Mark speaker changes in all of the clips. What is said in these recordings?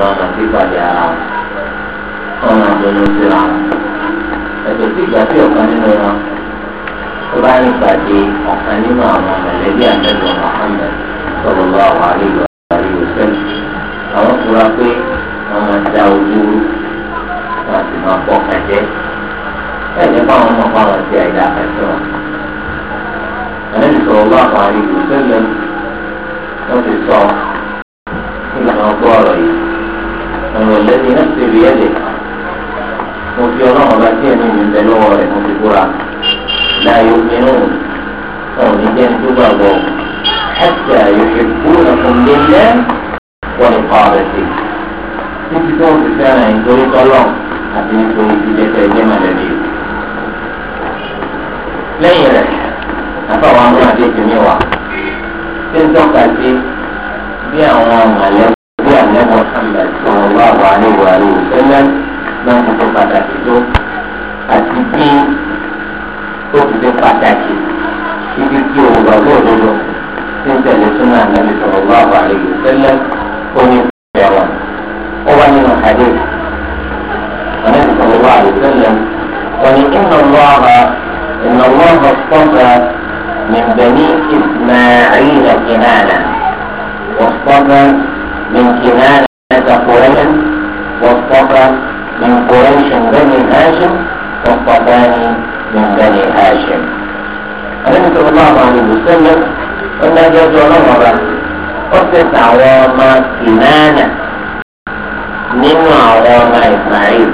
Speaker 1: wọn máa fi pàdé ara wọn wọn máa dọ̀nù síra sí ìgbà tí ọ̀kan nínú wọn tó bá ní pàdé ọ̀kan nínú àwọn mẹ̀lẹ́bí àtẹ̀lẹ̀ Muhammad sọ̀rọ̀ lọ àwọn àríwá àríwá sẹ́lẹ̀ àwọn fura pé wọn máa da ojú wọn àti máa pọ̀ kàjẹ́ bẹ́ẹ̀ nípa àwọn ọmọ pa wọn sí àìdá àti wọn. Àlejò sọ̀rọ̀ lọ àwọn àríwá sẹ́lẹ̀ wọ́n ti sọ nígbà tí gbọ́ ọ̀rọ̀ yìí àwọn ọ̀lẹ́ni náà ti rí ẹ̀lẹ̀ mo fi ọlọ́run ọba tí ẹ̀mí mi bẹ lọ́wọ́ rẹ̀ mo fi búra láàyè obìnrin òun òun ní jẹ́ tó gbàgbọ́ ẹ̀sẹ̀ àyòkè kúrò fún mi lẹ́ wọ́n ní pa ọ̀rẹ́ sí títí tó ń fi fẹ́ràn ìtorí tọ́lọ́ àti nítorí ìdíjẹ́tẹ̀ ẹgbẹ́ mọ̀lẹ́bí lẹ́yìn rẹ̀ àtàwọn amúnadé ti ní wa tí ń tọ́ka sí bí àwọn bí àlẹ́ Muhammad sọ̀rọ̀ wà wà ní wà ní ìṣẹ́lẹ̀ náà ti ṣe pàtàkì tó àti bí ó ti ṣe pàtàkì ibi tí òun bá lóò lọ́dọ̀ tí ń tẹ̀lé súnà ànábì sọ̀rọ̀ wà wà ní ìṣẹ́lẹ̀ ó ní ìfẹ́ ó wá nínú àdé ànábì sọ̀rọ̀ wà ní ìṣẹ́lẹ̀ wọn ni ìnà lọ́ọ̀ha ìnà lọ́ọ̀ha sọ́ọ̀ha من بني إسماعيل كنانة واصطفى من كنانة قريش واصطفى من قريش بني هاشم واصطفاني من بني هاشم النبي صلى الله عليه وسلم قلنا جاءت ونظرا قصة عوام كنانة من عوام إسماعيل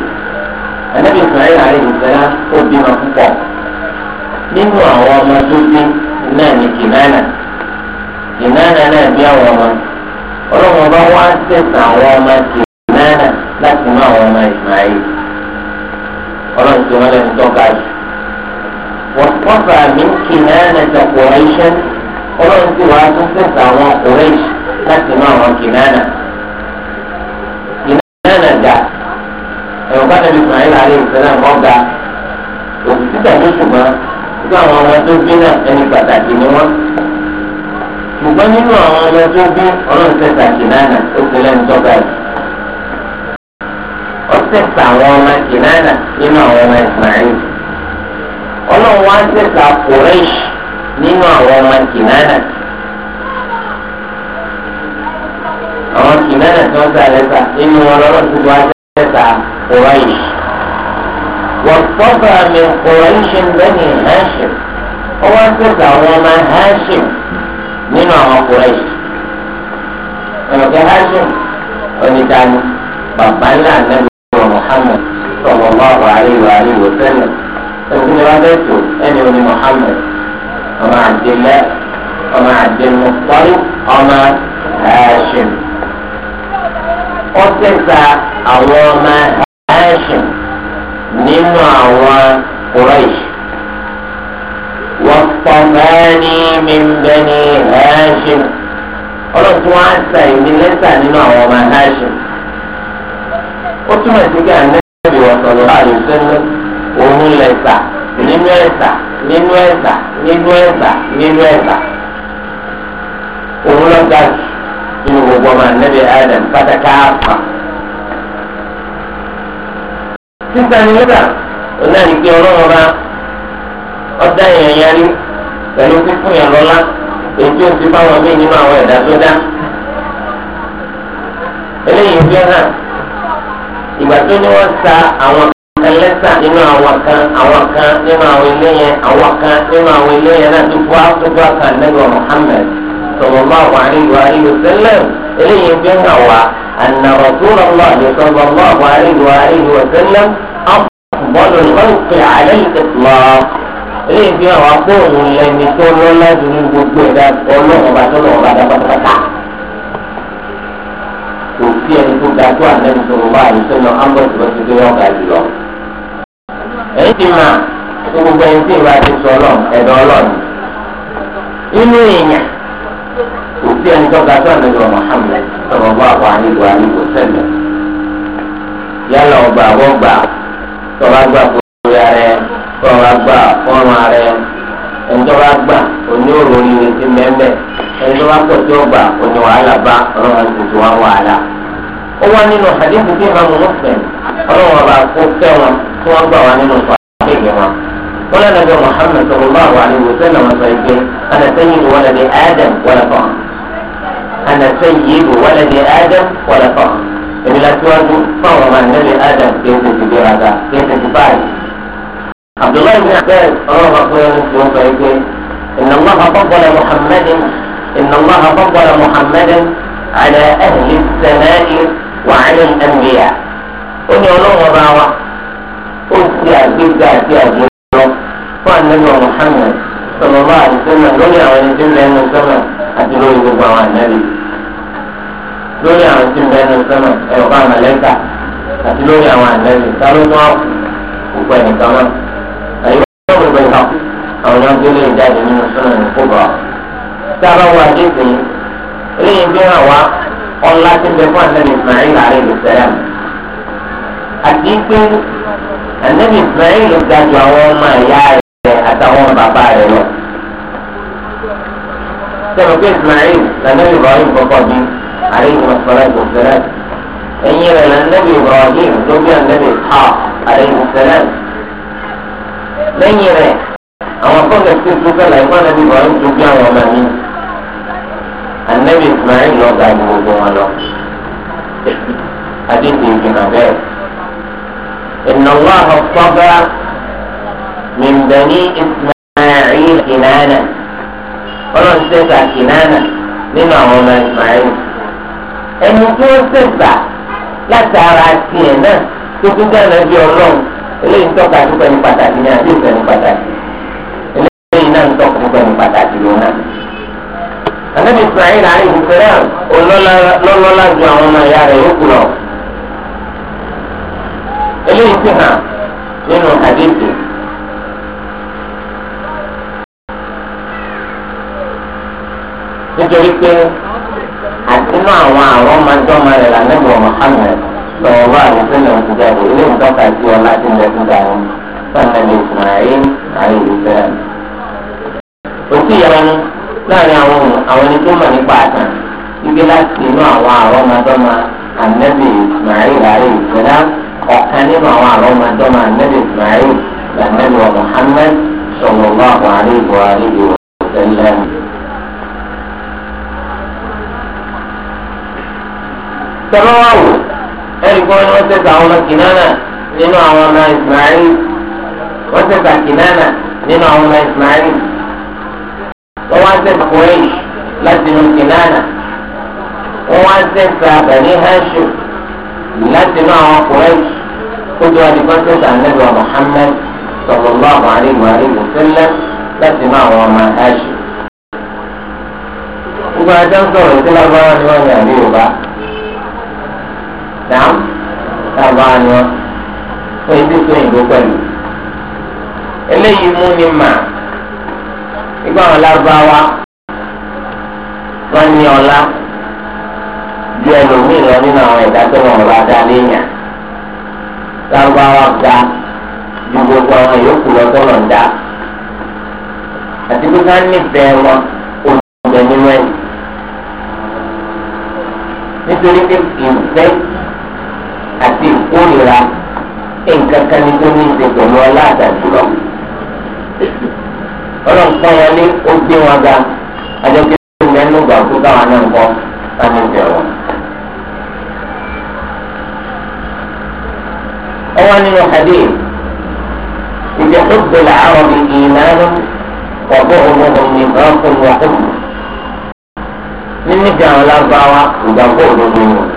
Speaker 1: النبي إسماعيل عليه السلام قدم فوق من عوام ọmọ من كنانة كنانة ní kìnánà ọlọ́run ọba wá sẹ̀sà àwọn ọmọ kìnnìkan láti mú àwọn ọmọ ìsmáyé ọlọ́run tí wọ́n lẹ́nu tọ́ka jù. wọ́n pọ́fà mí kìnnìkan ẹ̀jẹ̀ kùrẹ́ṣẹ́ ọlọ́run tí wàá tún sẹ̀sà àwọn kùrẹ́ṣẹ́ láti mú àwọn kìnnìkan. kìnnìkan dà ẹ̀rọ bá nàbí ìsmáyé láàrin ìṣẹ̀lẹ̀ mọ́ga òkú títà lóṣù mọ́ nígbà àwọn ọmọ ṣùgbọ́n nínú àwọn ọmọ tó bí ọlọ́run ṣe ṣàkínánà ó ti lẹ́nu tọ́gbà yìí. ó ṣẹ̀ṣà àwọn ọmọ kìnánà nínú àwọn ọmọ ìsmail. ọlọ́run wá ṣẹ̀ṣà kùrẹ́ṣì nínú àwọn ọmọ kìnánà. àwọn kìnánà tí wọ́n ṣà lẹ́ṣà nínú wọn lọ́rọ̀ tó wá ṣẹ̀ṣà kùrẹ́ṣì. واصطفى من قريش بني هاشم هو انتزع وما هاشم nínú àwọn ọkùnrin yìí ọ̀gá hashim onídàáni bàbá ńlá ànábì ọ̀rọ̀ Muhammad sọ̀rọ̀ lọ́wọ́ àríwá àríwá sẹ́lẹ̀ ẹ̀sìn ìwà bẹ́ẹ̀ tó ẹni oní Muhammad ọmọ àdìlẹ́ ọmọ àdìmú sọ́rí ọmọ hashim ó tẹ̀sà àwọn ọmọ hashim nínú àwọn Quraysh. واصطفاني من بني هاشم ọlọ́run tí wọ́n á sa èmi lẹ́sà nínú àwọn ọmọ hashim ó túmọ̀ sí kí ànábì ọ̀sọ̀rọ̀ àlùsọ́nù òun lẹ́sà nínú ẹ̀sà nínú ẹ̀sà nínú ẹ̀sà nínú ẹ̀sà òun lọ́gà nínú gbogbo ọmọ ànábì adam pátákà àpà. sísan ní lọ́dà ọ̀nà ìgbé ọlọ́run rán ọdá èèyàn yẹn rí pẹ̀lú fífún yẹn lọ́lá ètò òsì báwọn míì nínú àwọn ẹ̀dá tó dá. eléyìí fi hàn ìgbà tó ní wọ́n sa àwọn ẹlẹ́sà nínú àwọn kan àwọn kan nínú àwọn ilé yẹn àwọn kan nínú àwọn ilé yẹn náà tó bá tó bá kan lẹ́gbẹ̀ẹ́ Muhammad sallallahu alaihi wa alihi wa sallam eléyìí fi hàn wá anna Rasulullah sallallahu alaihi wa alihi wa sallam afdalul khalqi ala al-itlaq. eléyìí fi hàn wá pé òun lẹni tó lọ́lá dùnú gbogbo ẹ̀dá ọlọ́run ọba tó lọ́wọ́ bàdá pátápátá kò sí ẹni tó ga tó àlẹ́ ìṣòro wá àyíṣẹ́ lọ ámbọ̀tì pé wọ́n ga jùlọ. èyí ti mà gbogbo ẹni tí ìwà ti sọ ọlọ́run ọlọ́run inú kò sí ẹni tó ga tó àlẹ́ ìṣòro kọ́ra gbà kọ́ra rẹ ẹnjọba gbà oní òrò rírì sí mẹ́mẹ́ ẹnjọba pọ̀ tí ó gbà oní wàhálà bá ọlọ́run tuntun wá wàhálà. ó wá nínú hadith tí ìmọ̀ àwọn mùsùlùmí ọlọ́run ọba kó fẹ́ wọn tí wọ́n gbà wá nínú sàkéèké wọn. wọ́n lẹ́nu bí muhammed sallallahu alaihi wasallam sọ ike ana sayyidu waladi adam wala tán ana sayyidu waladi adam wala tán èmi la tiwájú fáwọn ọmọ àná عبد الله بن عباس روى رسول إن الله فضل محمد إن الله فضل محمدا على أهل السماء وعلى الأنبياء أن يولون وضعوا أسيا بيكا في بيكا وأن نبي محمد صلى الله عليه وسلم دنيا يتم أن السماء أتلو يقبع عن النبي دنيا ونجمع أن السماء أيقام أيوة، ملكة أتلو يقبع عن النبي قالوا الله وقال sọ̀rọ̀ bẹ̀rẹ̀ náà àwọn yóò gbé lè jáde nínú sọ́nà ìkóbá. tí a bá wọ àdéhùn eléyìí bí hàn wá ọ̀la ti bẹ fún anabi ismail alayhi salam àti pé anabi ismail ga ju àwọn ọmọ ẹ̀yà rẹ̀ àtàwọn bàbá rẹ̀ lọ.
Speaker 2: sọ̀rọ̀ pé ismail lànàbì ibrahim kọ́kọ́ bí
Speaker 1: alayhi salam kò fẹ́rẹ́ ẹ̀yìn rẹ̀ lànàbì ibrahim ló bí anabi ishaq alayhi salam lẹ́yìn rẹ̀ àwọn akọ́lẹ̀ tí o tó fẹ́lẹ̀ ẹ̀kọ́ náà bí wọ́n tó bí àwọn ọmọ mi anabi ismail lọ ga gbogbo wọn lọ adéǹde ìgbìmọ̀ bẹ́ẹ̀ ìnáwó àhọ́fọ́gá mìmbẹ́ni ismail kìnnánà ọlọ́run ṣẹ̀ṣà kìnnánà nínú àwọn ọmọ ismail ẹni tí ó ṣẹ̀ṣà látara tiẹ̀ náà tó tún dáná bí ọlọ́run eléyìí tọ́ka nípa ẹni pàtàkì ní àti ìfẹ́ ní pàtàkì eléyìí náà ń tọ́ka nípa ẹni pàtàkì ló náà. ànábì Ismail alayhi salam olólọ́lá ju àwọn ọmọ ìyá rẹ̀ yókù lọ. eléyìí ti hàn nínú àdéhùn. nítorí pé àtinú àwọn àrọ́mọdọ́mọ rẹ̀ lànà ìwọ̀n Muhammad sọ̀rọ̀ bá àwọn sẹ́lẹ̀ ọ̀sẹ̀ jáde ilé ìtọ́ka sí ọ láti ń dẹ́kun dáhùn sọ̀rọ̀ ní ìsmail àyè ìfẹ́. òkú ìyanu láàrin àwọn àwọn ẹni tó mọ̀ nípa àtàn ibi láti inú àwọn àrọ́mọdọ́mọ ànẹ́bì ìsmail àyè ìfẹ́ ọ̀kan nínú àwọn àrọ́mọdọ́mọ ànẹ́bì ìsmail lànẹ́bì wa Muhammad sọ̀rọ̀ bá àwọn àríwọ̀ àríwọ̀ sẹ́lẹ̀ tọ́lọ́wọ́ ẹ̀rí kí wọ́n ní wọ́n tẹ̀sà àwọn ọmọ kìnnánà nínú àwọn ọmọ Ismail wọ́n tẹ̀sà kìnnánà nínú àwọn ọmọ Ismail wọ́n wá tẹ̀sà kùrẹ́yì láti inú kìnnánà wọ́n wá tẹ̀sà bẹ̀ní hẹ́ṣù láti inú àwọn kùrẹ́yì kójú àdìgbọ́n tẹ̀sà nẹ́gbà Muhammad sallallahu alaihi wa alihi wa sallam láti inú àwọn ọmọ hẹ́ṣù. gbogbo ajá ń sọ̀rọ̀ ìdílábára ni wọ́n yàn ní Yorùbá náà táwọn àni wọn fún ètò ìtò òyìnbó pẹ̀lú. eléyìí mú ni mà nígbà wọn lágbáwá wọn ní ọlá ju ẹlòmíì lọ nínú àwọn ẹ̀dá tó wọn bá dá léèyàn lágbáwá ga ju gbogbo àwọn yòókù lọ tó dá àti pé ká nífẹ̀ẹ́ wọn òun ọ̀gbẹ́ nínú ẹ̀ nítorí pé ìfẹ́ àti ìkórìíra nǹkan kan ní tó ní ìṣe pẹ̀lú ọlá àtàjùlọ. ọlọ́nkọ́ wọn ní ó gbé wọn ga àjọké tó mẹ́nu gbà fún káwọn náà ń kọ́ láti bẹ̀ wọ́n. ọwọ́ nínú hadith ìjẹ́ tó gbẹ̀lẹ̀ àwọn ìgbìyànjú ìmọ̀ràn ọ̀bọ̀ ọ̀gbọ̀n nìkan fún wọn. nínú ìjà àwọn lágbáwá ìgbàgbọ́ òdodo wọn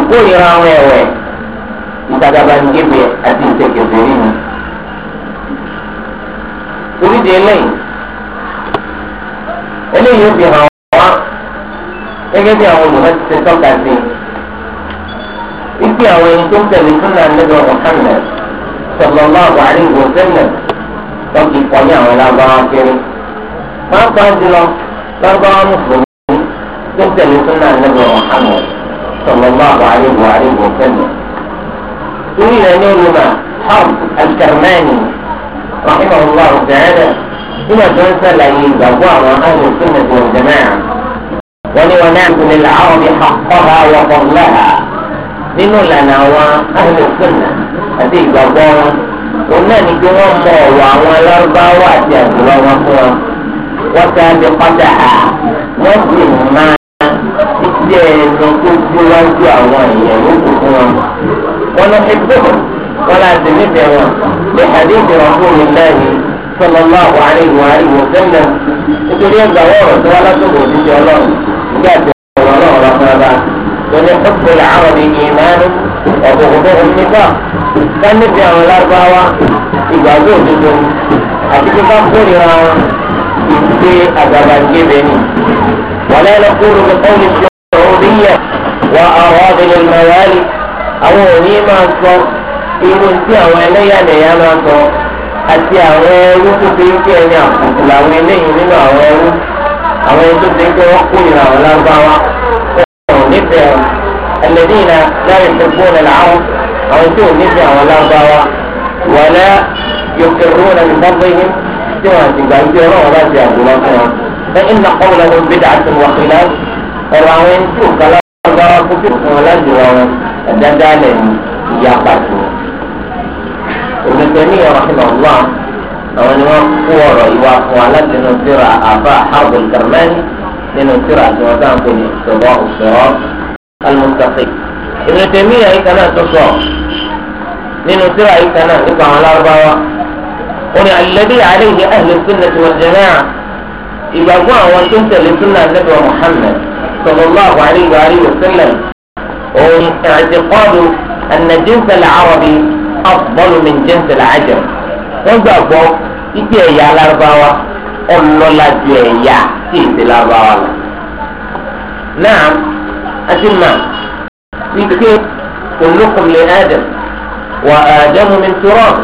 Speaker 1: ìkórìíra àwọn ẹ̀wẹ̀ ìdàgbàsókè àti ìtẹ̀kẹ̀fẹ̀ rí ni. torí di eléyìí eléyìí ó fi hàn wá gẹ́gẹ́ bí àwọn olùmọ̀ ti ṣe tọ́ka sí i wípé àwọn ẹni tó ń tẹ̀lé súnà lẹ́dọ̀ Muhammad sallallahu alaihi wa sallam wọn kì í kọ́ ní àwọn lágbára kiri pàápàá jùlọ lágbára mùsùlùmí tó ń tẹ̀lé súnà lẹ́dọ̀ Muhammad. صلى الله عليه وآله وسلم إلا نعلم حرب الكرماني رحمه الله تعالى إلى جنسة لأي دوار أهل السنة والجماعة ولونام من العرب حقها وفضلها من لنا وأهل السنة هذه دوار ونام جنوبا ولربا واتيا جنوبا وسابقتها نسل ما wá ń ju àwọn èèyàn ló kù fún wọn. wọn lọ fi gbọ́ wọn la ti nífẹ̀ẹ́ wọn ní àdéhùn Rasulullahi sallallahu alaihi wa alihi wa sallam nítorí ẹgbà wọ́ọ̀rọ̀ tó wá látọ̀gbọ̀ òdíje ọlọ́run nígbà tí ọ̀rọ̀ náà wà fún ọba ọ̀pọ̀ làwọn ní ìmánu ọ̀gbọ̀gbọ̀ onígbà ká àwọn lárúbáwá ìgbàgbọ́ òdodo àti tó kórìíra wọn ìgbé àgàbàgebè ni wàlẹ́ lọ́kùnrin kọ́ni ṣe ọ̀rọ̀ wà àwọ̀dìlẹ̀ mọ̀wálì àwọn òní máa sọ irú tí àwọn ẹlẹ́yàmẹ̀yà máa sọ àti àwọn ẹrú tó fi ń kí ẹni àkùkù làwọn eléyìí nínú àwọn ẹrú àwọn ẹni tó fi ń kí wọ́n kú ìlà àwọn lágbáwá ẹ̀rọ nífẹ̀ẹ́ ẹlẹ́dínà láyé tó gbóná làwọn àwọn tó nífẹ̀ẹ́ àwọn lágbáwá wọlé yòókèrú náà ní bọ́bí yín tí wọ́n ti gbà ń gbé ọlọ́run láti àgbò lọ́kùnrin. فإن قولهم بدعة وخلاف الراوين توكل ọlọ́run bá wá kó kí fún wọn láti wá wọn ẹ̀dáńdá lẹ̀ ní ìyá pàtó. Òmìnir ní ọ̀rọ̀ ọ̀gbọ́n àwọn ni wọ́n kó ọ̀rọ̀ ìwà fún wa láti inú síra àbá Abdul Karmani nínú síra tí wọ́n dáhùn pé ní ìṣòro òṣòro kálmùsàkì. Ìrètè mí àyè tó sọ nínú síra àyè kan nípa àwọn lárúbáwá. Ó ní alladhi alayhi ahlu sunnati wal jama'ah ìgbàgbọ́ àwọn tó ń tẹ̀lé súnà nípa Muhammad. صلى الله عليه وآله وسلم اعتقاد أن جنس العربي أفضل من جنس العجم وانت أقول إتي يا الأرباوة قل لا يا تي الأرباوة نعم أسمع نعم يتكيب كلكم لآدم وآدم من تراب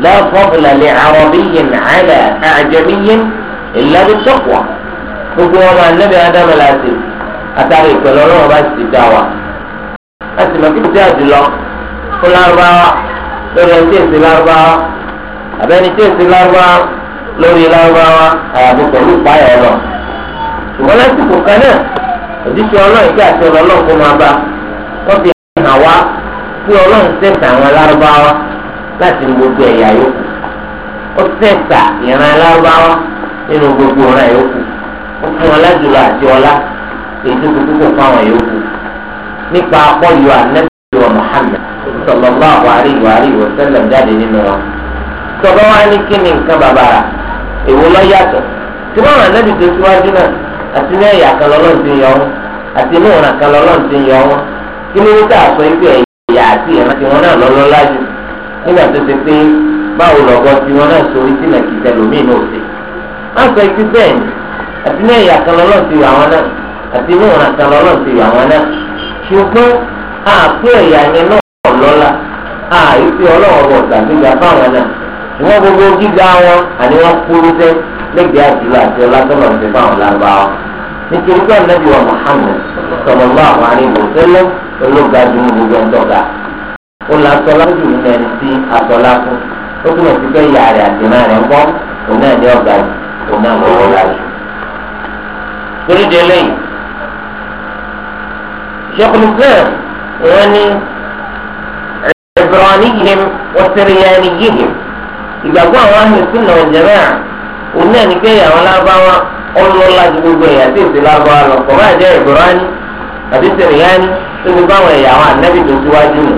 Speaker 1: لا فضل لعربي على أعجمي إلا بالتقوى فقوة ما النبي آدم الآسف Atari ìpẹ̀lú ọlọ́run bá sì dá wa láti mọ̀ kíkọ́ sí àdìlọ fún lárúbáwá lórí ẹni tí èsì lárúbáwá àbẹ́ni tí èsì lárúbáwá lórí lárúbáwá àyàfi pẹ̀lú ìpáyà ọlọ. ṣùgbọ́n lásìkò kan náà òjíṣẹ́ ọlọ́run kí àti ọlọ́run kó máa bá wọ́n fi hàn wá pé ọlọ́run tẹ̀sà àwọn lárúbáwá láti gbogbo ẹ̀yà yòókù ó tẹ̀sà ìran lárúbáwá nínú gbogbo ọ̀ràn yòókù ó fún ọlá jùlọ àti ọlá èyí tó kúkú kò fáwọn yòókù nípa akọ́yọ ànẹ́bí wa Muhammad sallallahu alaihi wa wa jáde nínú wọn. sọ̀rọ̀ wa ní kí ni nǹkan èwo lọ yàtọ̀ tí wọ́n tó síwájú náà àti ní ẹ̀yà kan lọ́lọ́run ti yọ wọn àti kan ibi ẹ̀yà àti náà lọ́lọ́ lájú nígbà tó ti pé báwo lọ́gọ́ náà sọ wọ́n sọ bẹ́ẹ̀ ni àti àti inú ìran kan lọ́nà ti yà wọ́n náà ṣùgbọ́n àpò ẹ̀yà yẹn náà lọ́la àìsí ọlọ́wọ́ bọ̀ tàbíga fáwọn náà ìwọ́n gbogbo gíga wọn àní wọ́n kúrú sẹ́ lẹ́gbẹ̀ẹ́ àdúrà àti ọlásọ́nà ti fáwọn lágbàá nítorí pé ànábì wa Muhammad sallallahu alaihi wasallam ológa ju gbogbo ọ̀dọ́gà ó la sọlá jù ní ẹni tí asọlá fún ó túnbọ̀ sí pé ìyá rẹ̀ àti náà rẹ̀ ń bọ́ òun náà ní ọ̀gá òun náà lọ́wọ́ lájú. torí de lẹ́yìn شيخ الإسلام يعني عبرانيهم وسريانيهم ìgbàgbọ́ àwọn ahlu sunna wal jamaa òun náà ní kéèyà àwọn lábáwá ọlọ́lá ju gbogbo ẹ̀yà tí èsì lábáwá lọ kọ̀ bá jẹ́ ìbúrání àbí sẹ̀ríyání tó fi báwọn ẹ̀yà àwọn ànábì tó síwájú nù.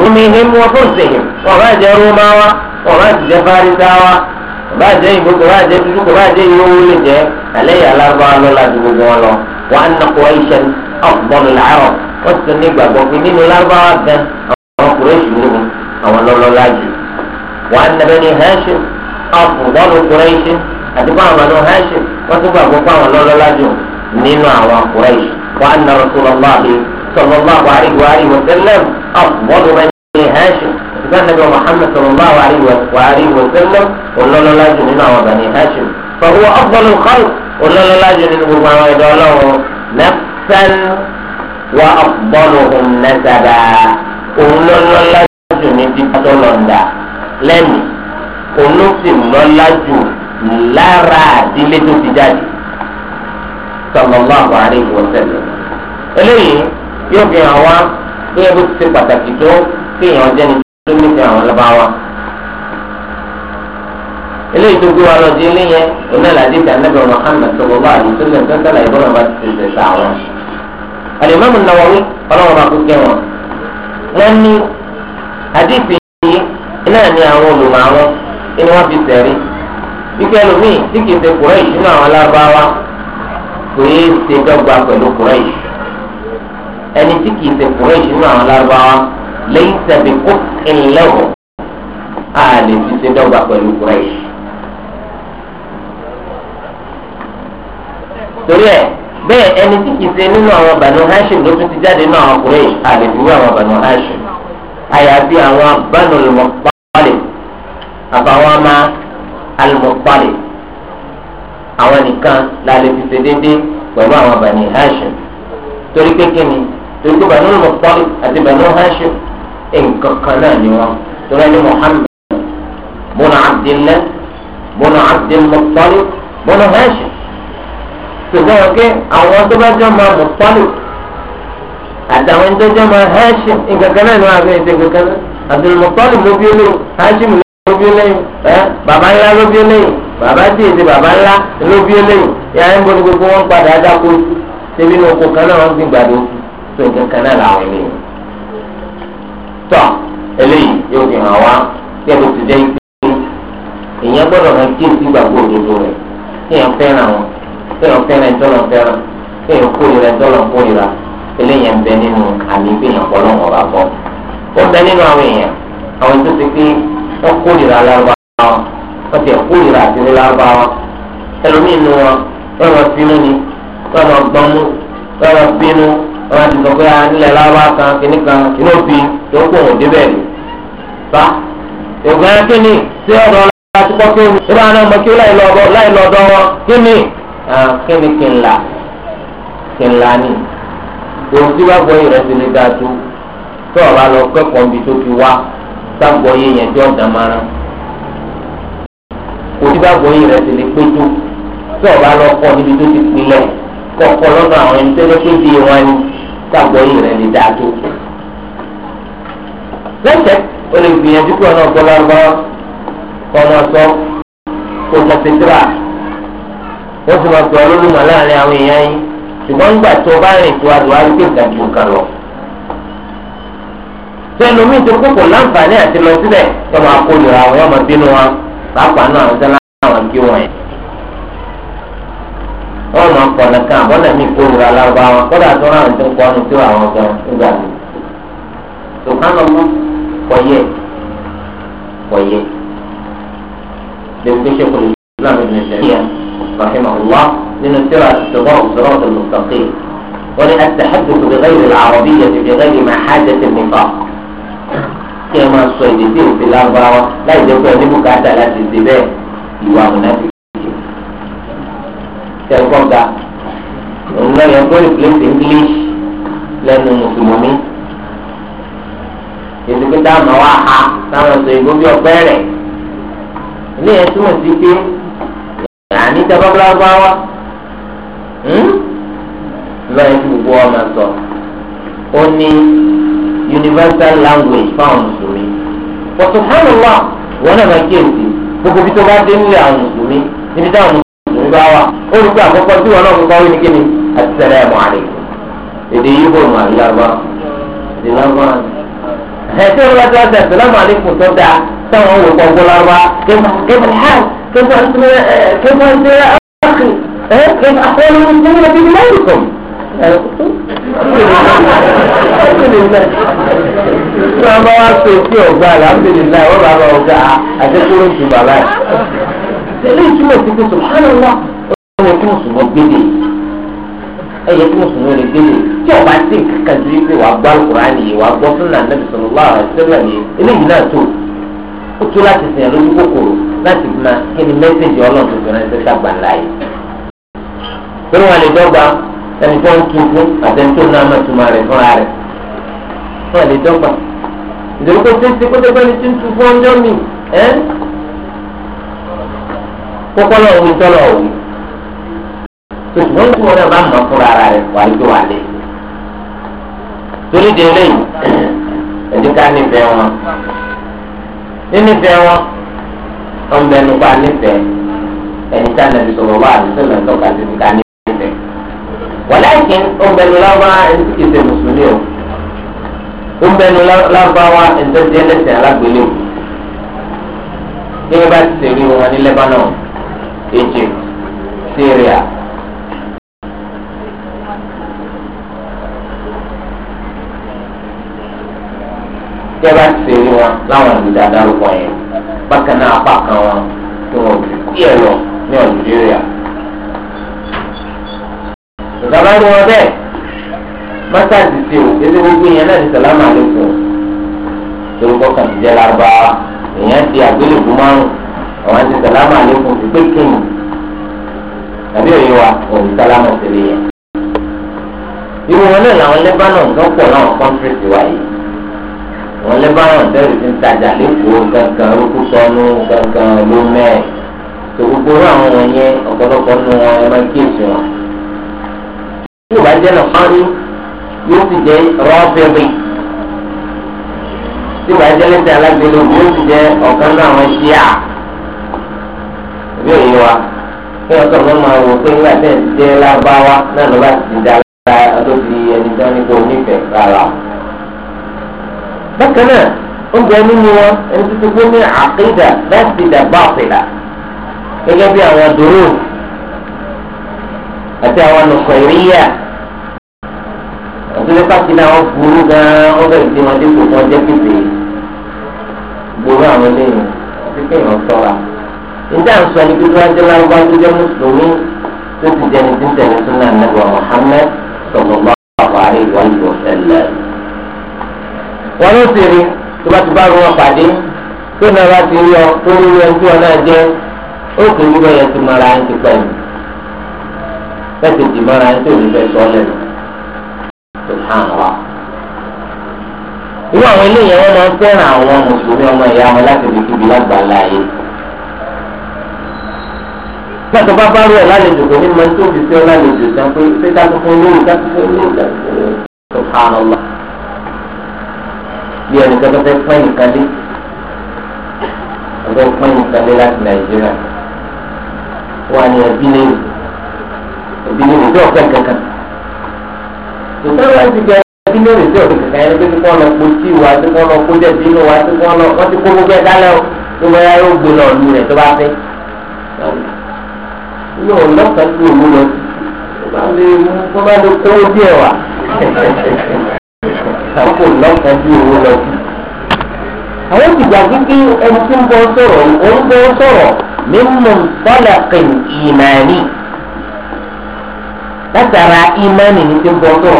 Speaker 1: rumihim wa fursihim wọn bá jẹ́ rómáwá wọn bá jẹ́ fárísáwá wọn bá jẹ́ ìbò kò bá jẹ́ dúdú kò bá jẹ́ ìyówó lè jẹ́ àlẹ́ ìyà lábáwá lọ́lá ju gbogbo wọn lọ. وأن قريشا أفضل العرب والسنة بابوكي من الأربعة أبدا أو قريش منهم أو لولا لاجل وأن بني هاشم أفضل قريش أتبع بنو هاشم وتبع بقى لولا لاجل او قريش وأن رسول الله صلى الله عليه وآله وسلم أفضل بني هاشم كان النبي محمد صلى الله عليه wa alayhi wa sallam olólọ́lá jù nínú هاشم فهو أفضل الخلق olólọ́lá jù nínú gbogbo àwọn ẹ̀dọ́ ọlọ́run nafsan wa afdaluhum nasaba òun lọ́lọ́lá jù ní títọ́ lọ́ndà lẹ́nu òun ló sì lọ́lá jù lára àdílé tó ti jáde sallallahu alaihi wa sallam. eléyìí yóò fi hàn wá bí ebi ti ṣe pàtàkì tó kéèyàn jẹ́ni tó nífẹ̀ẹ́ àwọn lọ́ba wa eléyìí tó gbé wa lọ di eléyẹ onílàdí ìdánilẹ́bẹ̀ Muhammad sọlọ́lá àdìsílẹ̀ tẹ́tẹ́lá ìbọ̀lọ̀ bá ti ṣe sá wọn. alimami Nawawi ọlọ́wọ́ bá kú kẹ́wọ̀n wọ́n ní àdìsí yìí náà ní àwọn olùmọ̀ àwọn inú wọn fi tẹ̀rí wípé ẹlòmíì tí kìí ṣe Quraysh nínú àwọn alábáwá kò yé ṣe dọ́gba pẹ̀lú Quraysh ẹni tí kìí ṣe Quraysh nínú àwọn alábáwá lẹ́yìn tẹ̀bí kó ńlẹ́wọ̀ á torí ẹ̀ bẹ́ẹ̀ ẹni tí kìí ṣe nínú àwọn Banu Hashim ló tún ti jáde nínú àwọn ọkùnrin àlèbúwé àwọn Banu Hashim àyàfi àwọn Banu Muttalib àbáwọn ọmọ Al-Muttalib àwọn nìkan la lè fi ṣe déédéé pẹ̀lú àwọn Banu Hashim torí pé kí ni torí pé Banu Muttalib àti Banu Hashim nǹkan kan náà ni wọn torí ẹni Muhammad bọ́nà Abdillah bọ́nà Abdul Muttalib bọ́nà Hashim ṣùgbọ́n wọn pé àwọn tó bá jọ máa mọ̀tálù àtàwọn tó jọ máa hashim nǹkan kan náà ni wọn àgbẹ̀ ìṣe nǹkan kan náà àtùlùmọ̀tálù ló bí eléyìí hashim ló bí eléyìí ẹ bàbá ńlá ló bí eléyìí bàbá tí èdè bàbá ńlá ló bí eléyìí yàrá ń bọ́ ní gbogbo wọn padà dáko tẹ́bí ní oko kan náà wọ́n gbìn gbàdo tó nǹkan náà làwọn eléyìí tọ́ eléyìí yóò fi hàn wá kí kéèyàn fẹ́ràn ìtọ́lọ̀ fẹ́ràn kéèyàn kórìíra ìtọ́lọ̀ kórìíra eléyìí ń bẹ nínú àmì ìgbéyàn pọ̀lọ́ wọn bá bọ́. ó bẹ nínú àwọn èèyàn àwọn tó ti pé wọ́n kórìíra lárúbáwá wọ́n ti kórìíra àti ní lárúbáwá ẹlòmíín nu wọn wọ́n lọ bínú ni wọ́n lọ gbọ́mú wọ́n lọ bínú wọ́n ti sọ pé ah, nílẹ̀ lárúbáwá kan kìíní kan inú bí tó kó òun débẹ̀ ni. fa ìgbà kí tí ọ̀dọ́ láti kí ó ní ìbára kí ó láì lọ́dọ̀ wọn kí Ah, kíni kí n là kí n là ní òun tí wàá gbọ́ ìrẹsì lè dáa tó tó ọ̀rọ̀ àlọ́ kẹ́kọ̀ọ́ níbi tó fi wá sáàgbọ́ yé yẹn tí ọ̀dà máa rán òun tí wàá gbọ́ ìrẹsì lè pé tó tó ọ̀rọ̀ àlọ́ kọ́ níbi tó ti pinlẹ̀ kọ̀ọ̀kọ́ lọ́nà àwọn ẹni tẹ́lẹ̀ kéde wọn ni sáàgbọ́ ìrẹ̀ lè dáa tó. lẹ́sẹ̀ o lè gbìyànjú kí ọ̀nà ọ̀gbọ́n lárúbáwá kọ́ ọ wọ́n ti máa pè ọ́ lórí màá láàrin àwọn èèyàn yín ṣùgbọ́n nígbà tó o bá rìn tó a lò á rí pé ìdájú kan lọ. sẹ́nu mi ti kókò láǹfààní àti lọ síbẹ̀ tó máa kó lè ra àwọn ọmọ bínú wa pàápàá náà àwọn sẹ́nu àwọn kí wọ́n yẹn. wọ́n máa pọ̀ nìkan àbọ̀dà mi kó lè ra lárúbá wọn kódà tó ráhùn tó kọ́ ọ́nù tó àwọn gan nígbà mi. tòkánà mú kọ̀yẹ́ kọ̀yẹ́ lè fi ṣe kò lè rahimahullah nínú tíra ṣùgbọ́n òṣèré ọ̀tún mùsàkì wọ́n ní àtẹ̀hẹ́dùkú bí gẹ́gẹ́ ìlà àrọ̀bí yẹn ti gẹ́gẹ́ ìmọ̀ àhájẹ́ ti nìfà kí ẹ máa sọ èdè tí èsì lágbára láì jẹ́ pé ẹni bùkátà láti ṣe bẹ́ẹ̀ ìwà àmúnáfi kéèké. tẹ̀kọ́ ga òun náà yẹ kó replace English lẹ́nu mùsùlùmí èsì pé dáhùn àwọn àhà táwọn sọ ìgbó bí ọgbẹ́ rẹ̀ ilé yẹn túmọ̀ sí pé yàní tabagbalagba wa lọ́yìn tí gbogbo ọmọ sọ ó ní universal language fáwọn mùsùlùmí pọtùkánùwà wọn náà máa kíyèsí gbogbo bí tó bá dé nílé àwọn mùsùlùmí níbi táwọn mùsùlùmí bá wà ó rí pé àkọ́kọ́ tí wọn náà kọ́kọ́ wí ní kíni assalamu alaykum èdè yìí bò mọ àyàgbá ìlànà ẹ̀ tí wọ́n bá ti wá sí assalamu alaykum tó dáa táwọn wò kọ́ gbọ́lára kébà kébà hàn. كيف أنت كيف أنت يا أخي كيف أحوال المسلمين في بلادكم Sọ́mọ́ wá pé kí ọ̀gá alhamdulillah wọ́n bá bá ọ̀gá àdékúrò ju bàbá ẹ̀. Ilé ìtumọ̀ sí pé subhanallah ó yẹ kí Mùsùlùmí gbélé. Ẹ yẹ kí Mùsùlùmí lè gbélé. Tí ọ̀gá sí kankan ju wípé wàá gbọ́ Al-Qur'ani yìí, wàá gbọ́ Sunnah Nabi sallallahu alaihi wasallam yìí, eléyìí náà tó. ó tó láti sìn lójú kòkòrò láti fi máa kí ni mẹ́sẹ̀gì ọlọ́run tó fi ránṣẹ́ sábà láàyè. pé wọn lè dọ́gba ẹni tó ń tu fún àtẹni tó náà máa túmọ̀ rẹ̀ fúnra rẹ̀ wọn lè dọ́gba. ìdòwò kò tẹ́ sí kótópẹ́ ni tí ń tu fún ọjọ́ mi ẹ́ kókó lọ́wọ́ mi tọ́lọ̀ òwe. tòṣùwọ́n tí wọn náà máa mọ̀ fúnra rẹ̀ wà lójú wà lé. torí de eléyìí ẹ̀dínká nífẹ̀ẹ́ wọn nínífẹ̀ẹ́ wọn wọn bẹ nípa nífẹ̀ẹ́ ẹni tí a nàbí sọ̀rọ̀ wá àdúgbò náà tọ́ka sí ká nífẹ̀ẹ́. wàláìkín ó bẹ ní lábá ẹni tí kìí mùsùlùmí o ó bẹ ní lábá wa ẹni tó jẹ́ lẹ́sẹ̀ alágbélé o bí wọ́n bá ti ṣe rí wọn ní Lebanon Egypt Syria. tí a bá ti ṣe wọn láwọn ìlú dáadáa lóko yẹn bákan náà apá kan wọn tó wọn ti kú yẹ lọ ní Nàìjíríà. ìjọba ni wọn bẹ́ẹ̀ mọ́tàdì ti o ṣe gbogbo yẹn náà ní sàlámà lẹ́kọ̀ọ́ torúkọ kan ti jẹ́ lárúbáwá èèyàn ti àgbélébù márùn àwọn ti sàlámà lẹ́kọ̀ọ́ ti pé kéwìn tàbí òye wa òun sàlámà tẹ̀lé yẹn. irú wọn náà làwọn Lebanon tó pọ̀ láwọn kọ́ńtírì ti wáyé àwọn lẹ́bàrán tẹ́lẹ̀ ti ń tajà lẹ́kọ̀ọ́ gangan orúkú sọnù gangan ló mẹ́ẹ̀ tó gbogbo irú àwọn wọn yẹn ọ̀pọ̀lọpọ̀ nù wọn ẹ máa kíyèsí wọn. tí ò bá jẹ́ nà fárí yóò sì jẹ́ rọ́ọ̀fẹ́rì tí ò bá jẹ́ lẹ́sẹ̀ alágbèlè yóò sì jẹ́ ọ̀kan náà àwọn ṣíà ìbí òye wa kí wọ́n sọ̀rọ̀ máa wò pé nígbà tẹ̀ ti jẹ́ lábáwá náà ló bá ti dá lọ́dọ̀ ẹni tó ní bákan náà ó ń bẹ nínú wọn ẹni tuntun tó ní àkéèdà láti dàgbà ọ̀pẹ̀là gẹ́gẹ́ bí àwọn dòró àti àwọn nùkọ̀ ìríyà àti nípa kí náà wọ́n burú gan-an wọ́n bẹ̀rẹ̀ sí wọn dípò wọn jẹ́ pípé burú àwọn eléyìí àti kéèyàn sọ́ra níta ń sọ pípé wọn lárúbá tó jẹ́ mùsùlùmí tó ti jẹ́ ní tí ń tẹ̀lé súnà nàbọ̀ Muhammad sallallahu alaihi wa sallam wọn ló sì rí tó bá ti bá wọn pàdé tó náà bá ti yọ tó ní yẹn tí wọn jẹ ó kì í wíwọ ti mara ẹni ti pẹ́ mi mara ẹni tó ní fẹ́ sọ lẹ́nu tó hàn wá. irú àwọn eléyìí wọn máa ń fẹ́ràn àwọn mùsùlùmí ọmọ ìyá wọn láti fi kíbi lágbàlá yìí. Nígbà bá bá rú ẹ̀ lálejò kò ní mọ tó fi sí ọ lálejò sàn pé ṣé dákúnfún lórí dákúnfún lórí dákúnfún lórí bí ẹni tó fẹ́ pẹ́ nìkan dé ọ̀dọ́ pẹ́ nìkan dé láti nàìjíríà wà ní ẹbí lẹ́yìn ẹbí lẹ́yìn tí ọ̀fẹ́ kankan ìtọ́jú láti jẹ ẹbí lẹ́yìn tí ọ̀fẹ́ kankan ẹni pé kí wọ́n lọ kó tí wa tí wọ́n lọ kó jẹ̀bi inú wa tí wọ́n lọ wọ́n ti kó gbogbo ẹ̀ dálẹ́ o tó bá yá yóò gbé lọ lu rẹ̀ tó bá fẹ́ yóò lọ́kàn tó lù lọ tó bá lè kó díẹ̀ wá. tàbí kò lọ́kàn bí owó lọ. àwọn ìgbà gbígbé ẹni tí ń bọ́ sọ̀rọ̀ ń bọ́ sọ̀rọ̀ mímú sọ́làkìn ìmàní látara ìmàní ní ti ń bọ́ sọ̀rọ̀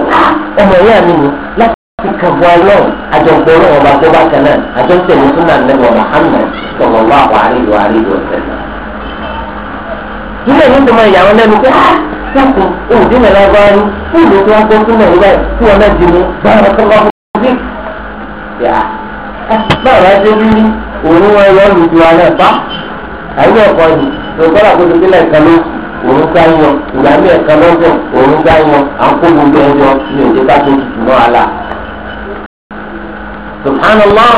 Speaker 1: ọmọ ìyá mi ni láti kàbọ̀ ọlọ́run àjọgbọ́rọ̀ ọba tó bá kan náà àjọṣẹ́ ní súnà nẹ́bọ̀ Muhammad sọ̀rọ̀ wà wà àríwá àríwá ọ̀sẹ̀ náà. ilé ìwé ìgbìmọ̀ ìyàwó lẹ́nu pé ah, sẹ́kùn òǹdí mi lọ́wọ́ ẹni fúlù tí wọ́n gbọ́ fún mi rẹ̀ tí wọ́n náà dì mú báyọ̀ kọ́kọ́ fún mi. báwo la ṣe rí òun wọn yọ ọ́ lùdú alẹ́ bá àyè ẹ̀kọ́ yìí lọ́gbọ́dọ̀ kó ti sílẹ̀ kan lóṣù òun gbá yan ìgbà mi ẹ̀ka lọ́gbọ̀n òun gbá yan à ń kó gbogbo ní òde bá tó tutù náà àlà. subhanallah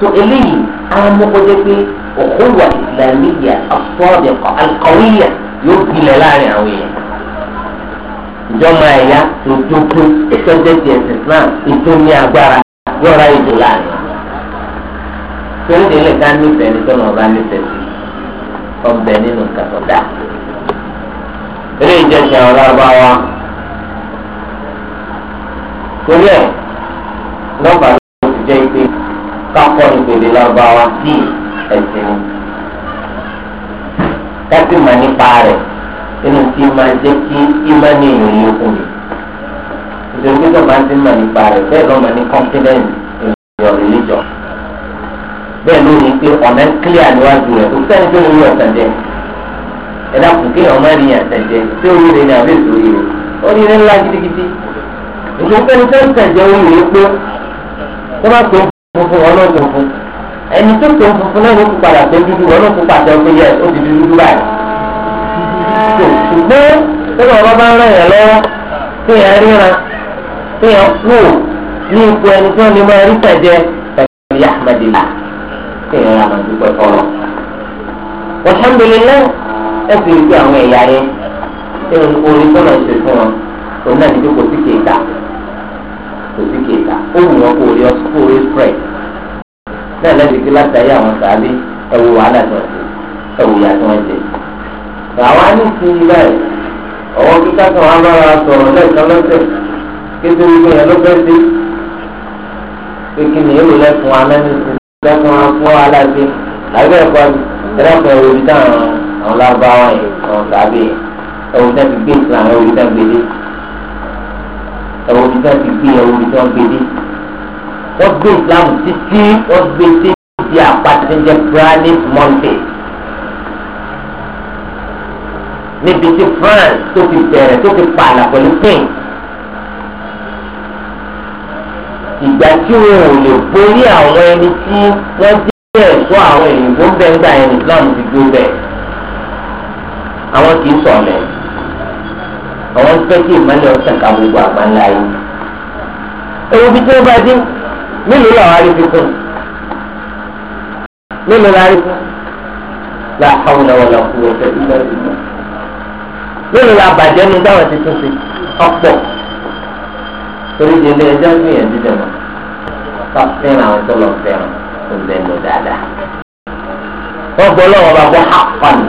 Speaker 1: tó eléyìí amókòjé pé òkúwà ìsìlámíyà àfọ́dẹ̀kọ̀ alkọ̀wíyà yóò gbilẹ̀ láàrin àwọn èèyàn ìjọba ẹ̀yà tó dókú ìtọ́jẹ́sì ẹ̀sìn Islam ètò ní agbára yọ̀ọ̀rá ètò láàrin. Sọ́ńdé lè ká nífẹ̀ẹ́ ní sọ́nà ọba nífẹ̀ẹ́ sí ọbẹ̀ nínú kàtọ́dá. Eré ìjọsìn àwọn ọlọ́ba wa. Torí ẹ̀ nọ́mbà ló ti jẹ́ pé kápọ̀ ìpele lọ́ba wa sí ẹ̀sìn. Ká sì mọ̀ nípa rẹ̀ nínú tí máa jẹ́ kí ìmánì èèyàn lékún mi. ìṣòro pé tọ́ba ti mà nípa rẹ̀ bẹ́ẹ̀ lọ́ mà ní confidence in your religion. bẹ́ẹ̀ ló ní pé ọ̀nà clear níwájú rẹ̀ kò sẹ́ni tó lórí ọ̀sán jẹ. ẹ dákun kí ọmọ rí ẹ̀sẹ̀ jẹ tí oríire ni àbí èso oríire oríire ńlá gidigidi. ìṣòro pé ẹni tó ń tẹ̀ funfun wọn lọ́ọ́ funfun ẹni tó tó funfun náà ló kú padà tó dúdú wọn ló kú padà tó yẹ ṣùgbọ́n nínú ọba bá ń ràn a lọ́wọ́ kí yẹn ríran kí yẹn kú ní ipò ẹni tí wọ́n lè máa rí tẹ̀jẹ́ pẹ̀lú yahmadila kí yẹn ràn dúpẹ́ fọlọ́. alhamdulillah ẹ̀sìn ìgbé àwọn ẹ̀yà yẹn ṣé orin nwere ṣe fún wọn òun náà kò sí kò sí ó wù wọn kó orí orí spread náà látàrí àwọn ẹ̀wù wàhálà tó ẹ̀wù yà tó làwa ní ìsinmi báyìí ọwọ́ kíkà kan wà bára sọ̀rọ̀ lẹ́ẹ̀kan lọ́sẹ̀ kéde gbogbo yẹn ló fẹ́ẹ́ dé pé kí ni èrò lẹ́kùn amẹ́nisìn lẹ́kùn afọ́ aláṣẹ lábẹ́ ẹ̀kọ́ ẹ̀rọ̀pọ̀ ẹ̀rọ ibi táwọn àwọn lábáwá yẹn àwọn tàbí ẹ̀rọ ibi táwọn gbé ìsìlá ẹ̀rọ ibi táwọn gbèdé ẹ̀rọ ibi táwọn ti gbé ẹ̀rọ ibi táwọn gbèdé wọ́n gbé ìsìlámù títí wọ́n gbé títí àpàtẹ́jẹ́ granite mountain. níbi tí France tó fi bẹ̀rẹ̀ tó fi pààlà pẹ̀lú pin ìgbà tí wọn ò lè borí àwọn ẹni tí wọ́n jẹ́ ẹ̀ṣọ́ àwọn èèyàn tó ń bẹ ń gbà yẹn Islam ti gbé bẹ̀ àwọn kì í sọ̀lẹ̀ àwọn ń fẹ́ kí ìmọ̀lẹ̀ ọ̀sẹ̀ ká gbogbo àgbáńlá yìí ewu bí tí wọ́n bá dé mélòó làwọn arí fi kún mélòó làwọn arí fún la hawla wala quwwata illa billah lórí la bàjẹ́ nu dáwọn ti tún sí ọ̀pọ̀ torí di ilé ẹjọ́ gbìyànjú dẹ̀ mọ́ ká fẹ́ràn àwọn tó lọ fẹ́ràn tó lẹ́nu dáadáa. wọ́n gbọ́ lọ́wọ́ bá gbọ́ àpọ̀nù.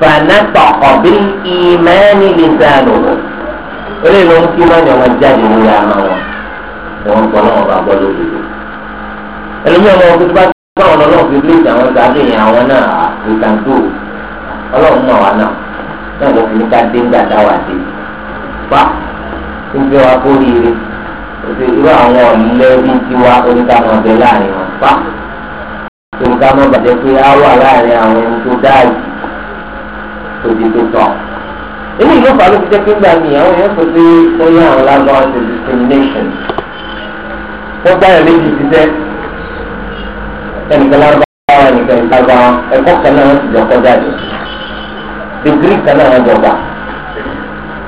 Speaker 1: فنطق بالإيمان لسانه olè ló ń kí wọn ni wọn jáde lórí ara wọn ni wọn gbọ́ náà bá gbọ́ lórí rẹ ẹlòmíràn wọn kó tó bá tó báwọn lọ́wọ́ fi lé ìjà wọn sábẹ́ yẹn àwọn náà àti ah, ìtàǹtò ọlọ́run náà wà náà náà ló fi ní ká dé ńgbà táwa dé pa ń fẹ́ wa kó rire òsè irú àwọn ọ̀lẹ́ bíi tiwa oníkàmọ́ ọbẹ̀ láàrin wọn pa oníkàmọ́ bàjẹ́ pé á wà láàrin àwọn ẹni tó dáàbò tòbí tó tọ̀ èyí ló fà ló jẹ́ pé gbà mí àwọn èèyàn sọ pé wọ́n àwọn lágbára ṣe discrimination wọ́n gbá yẹn méjì ṣiṣẹ́ ẹnìkan lágbára ẹnìkan ìtagbára ẹ̀kọ́ kan náà wọ́n ti jọ kọjá jù digiri kan náà wọ́n jọba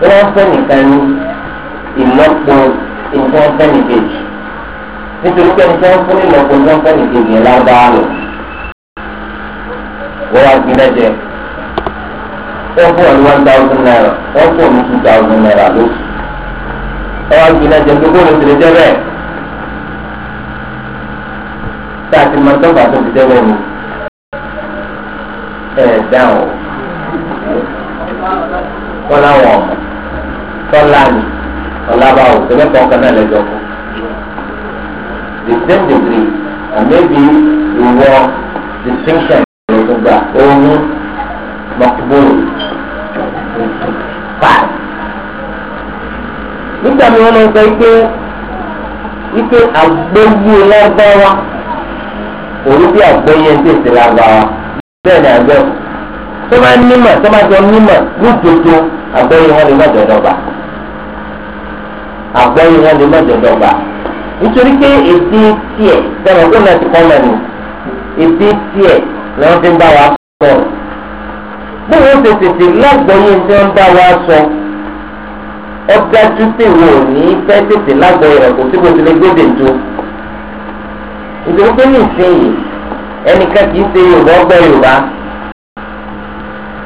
Speaker 1: tí wọ́n fẹ́ nìkan ní ìlọ́po ìjọ fẹ́ nìkejì nítorí pé ẹni tí wọ́n fún ìlọ́po ìjọ fẹ́ nìkejì yẹn lárúbáwá lọ wọ́n wá gbin lẹ́jẹ̀ wọ́n fún ọ̀nù one thousand naira wọ́n fún ọ̀nù two thousand naira lóṣù wọ́n wá gbin lẹ́jẹ̀ gbogbo olùsèré jẹ́ bẹ́ẹ̀ tá a ti mọ sọ́kà tó fi jẹ́ bẹ́ẹ̀ ni ẹ̀ dáhùn tọ́lá wọn tọ́lá ni tọ́lá bá wò tó lẹ́kọ̀ọ́ kan náà lẹ́jọ́ kù the same degree and maybe ìwọ distinction ló tún gbà ohun mọ̀kúbóró five. nígbà mi wọn lọ sọ pé wípé àgbẹ̀wò lágbára òun bí àgbẹ̀yẹ ń tètè lágbára bẹ́ẹ̀ ni àgbẹ̀wò tó bá nímọ̀ tó bá jọ nímọ̀ lójoojó àgbọ́yé wọn lè má jọ dọ́gba àgbọ́yé wọn lè má jọ dọ́gba nítorí pé èdè tiẹ̀ sẹ́wọ̀n tó náà ti kọ́ mọ̀ ní èdè tiẹ̀ ni wọ́n fi ń bá wa sọ̀rọ̀ bí wọ́n ṣe tètè lágbọ́yé tí wọ́n bá wa sọ ọ dájú pé wo ní fẹ́ tètè lágbọ́yé rẹ̀ kò sí bó ti lè gbédè tó ìdòwò pé ní ìsinyìí ẹnìkan kì í ṣe Yorùbá ọgbẹ́ Yorùbá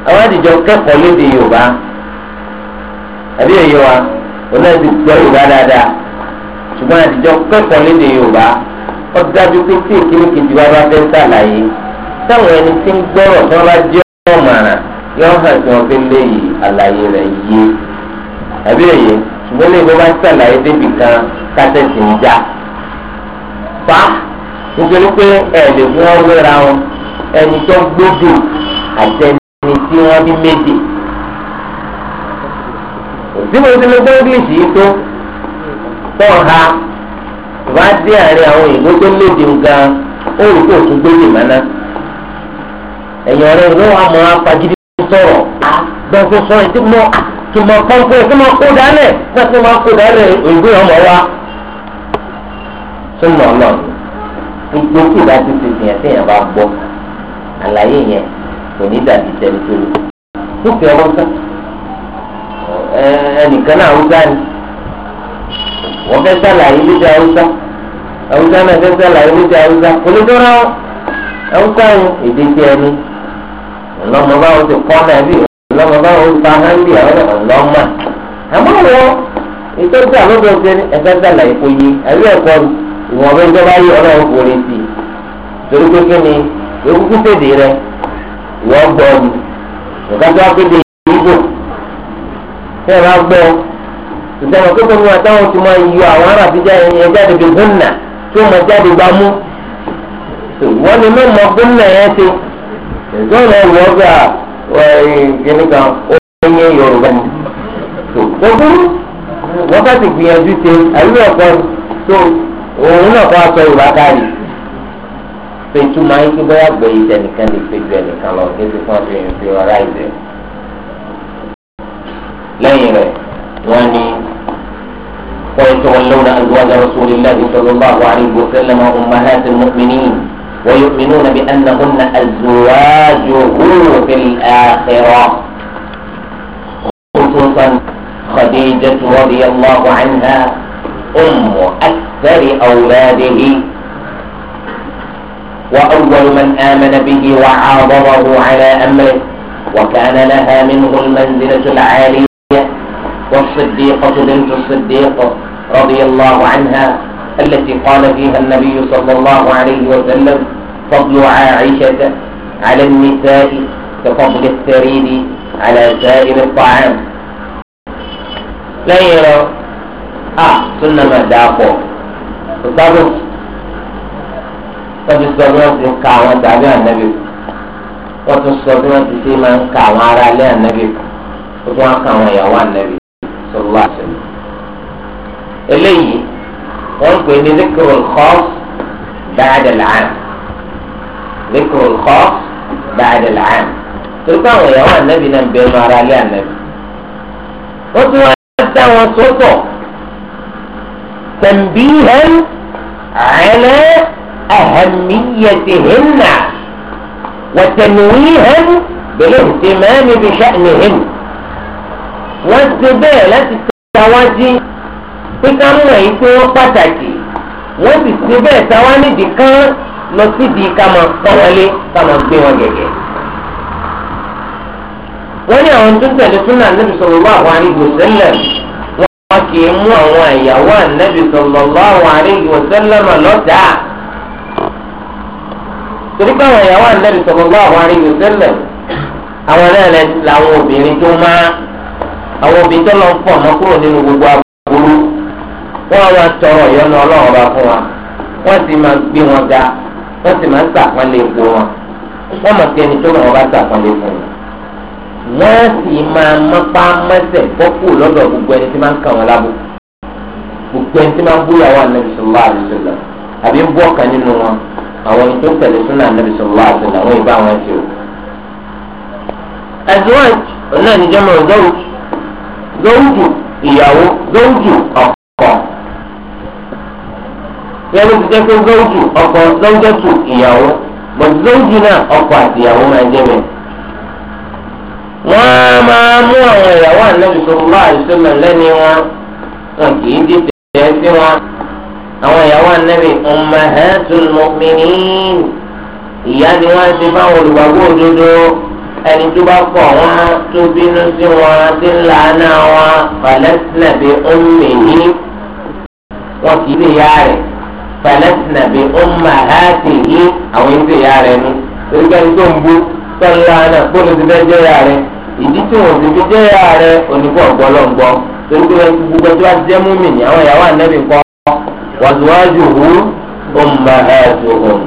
Speaker 1: àwọn àdìjọ kẹ́kọ̀ọ́ lédè yorùbá àbí èyí wa òun náà ti gbọ́ yorùbá dáadáa ṣùgbọ́n àdìjọ kẹ́kọ̀ọ́ lédè yorùbá ó dájú pé tí ìkíní kejì wa bá fẹ́ sàlàyé táwọn ẹni tí ń gbọ́rọ̀ tí wọ́n bá jẹ́ ọ̀mọ̀ràn yóò hàn tí wọ́n fi léyìí àlàyé rẹ̀ yé àbí èyí ṣùgbọ́n lè bọ́ bá sàlàyé débì kan kásẹ̀tì ń já fa nítorí pé ẹ̀ẹ́dẹ̀gbọ́n ní tí wọ́n bí méjì òsì mo ti lè gbọ́ english yìí tó tọ́ ha ìwà dé àárín àwọn òyìnbó tó léde nǹkan ó rò pé òtún gbélé mọ́ná ẹ̀yìn ọ̀rẹ́ ìlú wa mọ̀ apagídí sọ̀rọ̀ gbọ̀ngàn sọ̀rọ̀ tí mo tí mo pọ́npọ́n tí mo kó dálẹ̀ náà tí mo kó dálẹ̀ òyìnbó yẹn mọ̀ wá tó nà ọlọ́run gbogbo kí ìdá ti ti fìyàn fìyàn bá gbọ́ àlàyé yẹn kò ní dàbí tẹ̀lé tó lò dúkìá haúsá ẹnìkan náà haúsá ni wọ́n fẹ́ sàlàyé lójú haúsá haúsá náà fẹ́ sàlàyé lójú haúsá kò lè dọ́ra haúsá yẹn èdè tí ẹ ní ọlọ́mọ báwo ti kọ́ náà bí ọlọ́mọ báwo ti pa hàn bí ọlọ́mọ àmọ́ wọ́n ìtọ́jú àlọ́dọ̀ ṣe ní ẹ̀fẹ́ sàlàyé kò yí àbí ẹ̀kọ́ ìwọ̀n bẹ́ẹ̀ jọba yí ọlọ́run kò lè sí torí pé kí ni èkúkú tèdè rẹ̀ ìwọ gbọ́ mi nǹkan tó wá kéde ìdìbò tẹ ẹ bá gbọ́ ìdáná tó tóbi wọn táwọn ti máa yọ àwọn ará àtijọ́ yẹn jáde bí gúnnà tó mọ jáde gbá mú wọn ni mímọ gúnnà yẹn ti ẹjọ́ náà wọ gbà kíní kan ó yẹ Yorùbá ni tó burú wọn ká ti gbìyànjú ṣe àyè ẹ̀kọ́ tó òun náà kọ́ aṣọ Yorùbá káyìí. so ìtumọ̀ ayé kí bóyá gbòòyì tẹnìkan lè pé ju ẹnìkan lọ kí ẹsẹ̀ fún ọ̀sẹ̀ inferiorize ẹ̀. lẹ́yìn rẹ̀ wọ́n ní ويتولون أزواج رسول الله صلى الله عليه وسلم أمهات المؤمنين ويؤمنون بأنهن أزواجه في الآخرة خصوصا خديجة رضي الله عنها أم أكثر أولاده وأول من آمن به وعاضره على أمره وكان لها منه المنزلة العالية والصديقة بنت الصديق رضي الله عنها التي قال فيها النبي صلى الله عليه وسلم فضل عائشة على النساء كفضل الثريد على سائر الطعام يرى آه سنة ما داقو wọ́n ti sọ bí wọ́n ti ń ka àwọn tàbí ànábì kù wọ́n ti sọ bí wọ́n ti ṣe máa ń ka àwọn ará ilé ànábì kù ó tún wá ka àwọn ìyàwó ànábì sọlá àṣẹlẹ. eléyìí wọ́n ń pè ní zikrul khas ba'da al-'am zikrul torí pé àwọn ìyàwó ànábì náà ń bẹ ẹnu ará ilé ànábì. wọ́n tún wá dá wọn sọ́tọ̀ tẹ̀m̀bí hẹ́n أهميتهن وتنويها بالاهتمام بشأنهن والزبالة láti tawájú pé ká mú èyí tí wọ́n pàtàkì wọ́n sì ṣe bẹ́ẹ̀ táwa nídìí kan lọ sídìí ká máa pọ́n wọlé ká máa gbé wọn gẹ̀gẹ̀. wọ́n ní àwọn tó tẹ̀lé súnà Ànábì sallallahu alaihi wasallam wọn kì í mú àwọn ìyàwó Ànábì sallallahu alaihi wasallam lọ́tàá torí pé àwọn ìyàwó ànábì sallallahu alaihi wasallam àwọn náà lẹ làwọn obìnrin tó máa àwọn obìnrin tó lọ ń pọ̀ mọ́ kúrò nínú gbogbo aburú wọ́n á máa tọrọ ìyọ́nú ọlọ́run bá fún wa wọ́n sì máa gbé wọn ga wọ́n sì máa ń sàpọ́nlé epo wọn wọ́n mọ̀ sí ẹni tó lọ́wọ́ bá sàpọ́nlé fún wọn wọ́n sì máa mọ́pá mẹ́sẹ̀ bọ́kù lọ́dọ̀ gbogbo ẹni tí máa ń kàn wọn lábò gbogbo ẹni tí máa ń búyàwó ànábì sallallahu alaihi wasallam àbí ń bú ọ̀kan nínú wọn àwọn tó tẹ̀lé súnà nàbì sọ̀rọ̀ àti làwọn ìbá wọn ti o. àdìwọ̀n ọ̀nà ìjọba ọ̀dọ́wù gọ́wùjù ìyàwó gọ́wùjù ọkọ. yẹ́nì ti jẹ́ pé gọ́wùjù ọkọ gọ́wùjẹ́tù ìyàwó bọ̀dù gọ́wùjù náà ọkọ àti ìyàwó máa jẹ́ mi. wọ́n máa mú àwọn ìyàwó ànábì sọ̀rọ̀ wá àti lẹ́ni wọn kì í dìtẹ̀ sí wọn. àwọn ìyàwó anabi ummahatul mu'minin ìyá ni wọ́n ti fáwọn olùgbàgbọ́ òdodo ẹni tó bá kọ̀ wọ́n tó bínú sí wọn tí ń lànà wọn falasna bi ummihi wọn bi yìí yá torí tó ń bú ti fẹ́ jẹ́ yá ìdí tí wọn fi jẹ́ yá torí gbogbo wàzúwájúhùn ummahatuhum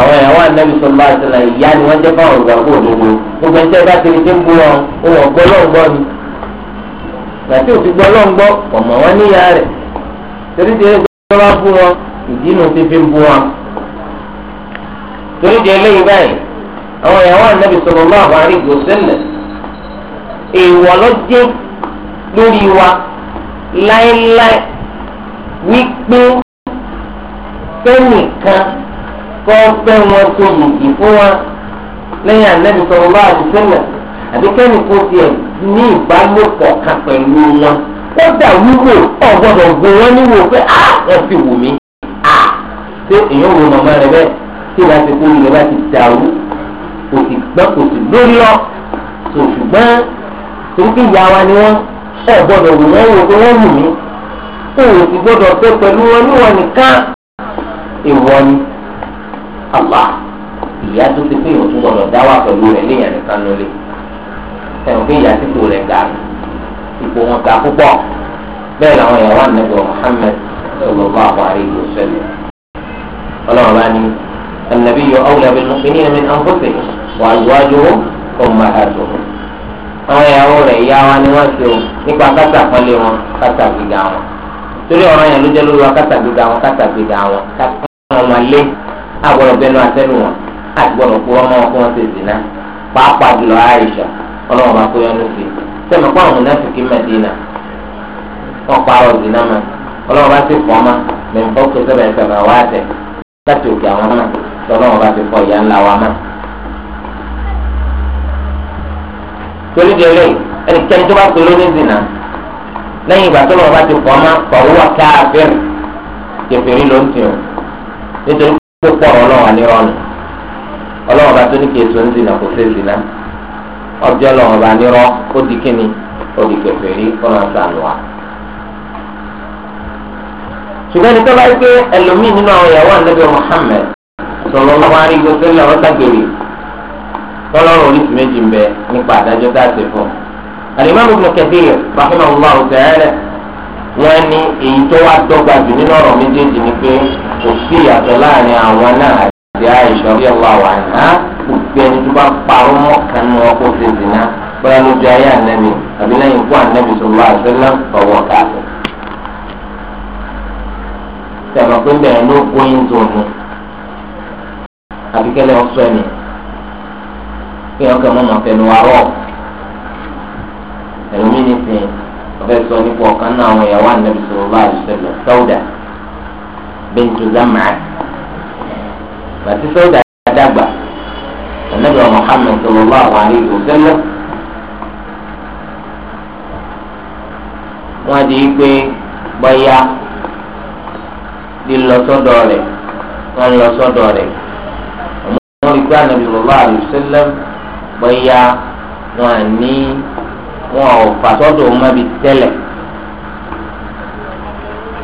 Speaker 1: àwọn ìyàwó anabi sallallahu alaihi wasallam ìyá ni wọ́n jẹ́ fáwọn ìgbàgbọ́ òdodo gbogbo ẹni tẹ́ bá ti ti ń bú wọn òun ọ̀gbọ́ lọ́ngbọ́ ni gbàtí òfin gbọ́ lọ́ngbọ́ ọ̀mọ wọn níyà rẹ̀ torí ti ẹgbẹ́ bá bú wọn ìdí nu ti fi ń bú wọn. torí di eléyìí báyìí àwọn ìyàwó anabi sallallahu alaihi wasallam èèwọ̀ ló dé lórí wa láéláé wípé sẹ́nìkan kọ́ fẹ́ wọn tó lòdì fún wa lẹ́yìn ànábì sọ̀rọ̀ bá àdìsẹ́lẹ̀ àbí kẹ́ni kò tiẹ̀ ní ìbálòpọ̀ kan pẹ̀lú wọn ó dà wúwo ọ̀gbọ́dọ̀ gbé wọn níwò pé á wọ́n fi wù mí á ṣé èèyàn wo màmá rẹ bẹ́ẹ̀ tí ìlà ti kó ilẹ̀ bá ti dàrú kò sì gbọ́n kò sì lórí lọ ṣùgbọ́n torí pé ìyá wa ni wọ́n ọ̀gbọ́dọ̀ wù wọ́n wò pé wọ́n wù mí o ò sì gbọdọ̀ pé pẹ̀lú wọn níwọ̀n nìkan ìwọ ni àbá ìyá tó ti pé ìwọ̀n tó gbọdọ̀ dá wà pẹ̀lú rẹ̀ léèyàn nìkan lólè ẹ̀wọ̀n pé ìyá tí kò rẹ̀ ga ipò wọn ga púpọ̀ bẹ́ẹ̀ làwọn ìyàwó ànẹ́gbẹ̀ Muhammad sallallahu alayhi wa sallam ọlọ́run bá ní النبي أولى بالمؤمنين من أنفسهم وأزواجهم أمهاتهم àwọn ìyàwó rẹ̀ ìyá wa ni wọ́n ṣe o nípa kátà kan wọn kátà gíga wọn. torí ọ̀ràn yẹn ló jẹ́ lórí wa kátàgbéga wọn kátàgbéga wọn kátàgbéga wọn máa lé àgbọ̀dọ̀ bẹnu àtẹnu wọn ọmọ wọn kó wọn ṣe zina pàápàá jùlọ àìsàn ọlọ́wọ́n bá kó yẹn lófin sẹ́mi kó àwọn onáfìkì mẹ́dínà wọn parọ́ bá ti fọ́ tẹ̀ láti òkè àwọn bá ti fọ́ ìyá ńlá wa torí ẹnikẹ́ni tó bá lẹ́yìn ìgbà tó lọ́wọ́ bá ti pọ̀ mọ́ pọ̀wọ́ káàfin kẹfìrí ló ń tì ọ́ nítorí pé pọ̀ ọlọ́wọ́ nírọ̀nù ọlọ́wọ́ bá tó ní kí èso ń zina kò sí zina ọjọ́ lọ́wọ́ bá ó di kíni ó di kẹfìrí ṣùgbọ́n ní tọ́lá yìí Muhammad sọ̀rọ̀ lọ́wọ́ arígbó tọ́lọ́rọ̀ a alimami ibn kathir rahimahullah ta'ala wọn ní èyí tó wá dọ́gba jù nínú ọ̀rọ̀ méjèèjì ni pé kò sí ìyàtọ̀ láàrin àwọn náà àti àìsàn bí ọlọ àwọn àná kò gbé ẹni tó bá parọ́ mọ́ kan ní ọkọ̀ ṣe zina bóyá lójú ayé ànábì àbí lẹ́yìn ikú ànábì sallallahu alaihi wasallam ọwọ́ káàtó. sẹ̀rọ̀ pé bẹ́ẹ̀ ló gbóyin zòònù àbíkẹ́lẹ́ ọ̀sọ́ ẹ̀mí kí ọkọ̀ mọ́mọ́ fẹ́ nu arọ́ọ̀. ọ̀fẹ́ sọ nípa ọ̀kan náà àwọn ìyàwó ànábì sallallahu alaihi wasallam Sauda bintu Zam'a bàtí Sauda dàgbà ànábì Muhammad sallallahu alaihi wasallam wọ́n di pé bọ́yá lílọ sọ́dọ̀ rẹ̀ wọ́n lọ sọ́dọ̀ rẹ̀ wọ́n rí pé ànábì sallallahu alaihi wasallam bọ́yá wọ́n ní wọn ò fàtọ́dọ̀ wọn bí tẹ́lẹ̀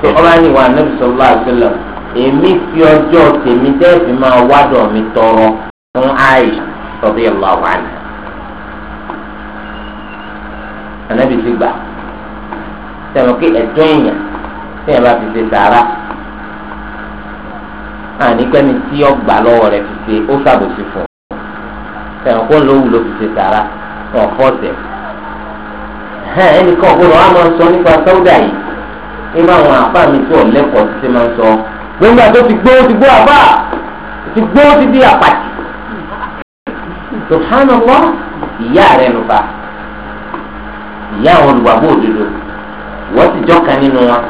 Speaker 1: tó ọba ní wa anabi sọlá àṣẹlẹ èmi fi ọjọ́ tèmi tẹ́ẹ̀fì máa wádọ̀ mi tọrọ fún Aisha sọdí ọlọ́wọ́ àná anabi ti gbà sẹ́wọ̀n kí ẹ̀tọ́ èèyàn tí yẹn bá fi ṣe sàárà àníkẹ́ni tí ọgbà lọ́wọ́ rẹ̀ fi ṣe ó ṣàbòsí fún un sẹ́wọ̀n kó lówù ló fi ṣe sàárà wọn fọ́ọ̀tẹ̀ fún ẹnìkan gbọ́dọ̀ wà máa sọ nípa sọ́dà yìí nígbà àwọn àbá mi tó ọ̀lẹ́kọ̀ọ́ ti máa sọ gbẹ̀ngbà tó ti gbó ti gbó àbá ti gbó ti di àpàtì subhanallah ìyá rẹ ló bá ìyá àwọn olùwàgbọ́ òdodo wọ́n ti jọ́ka nínú wọn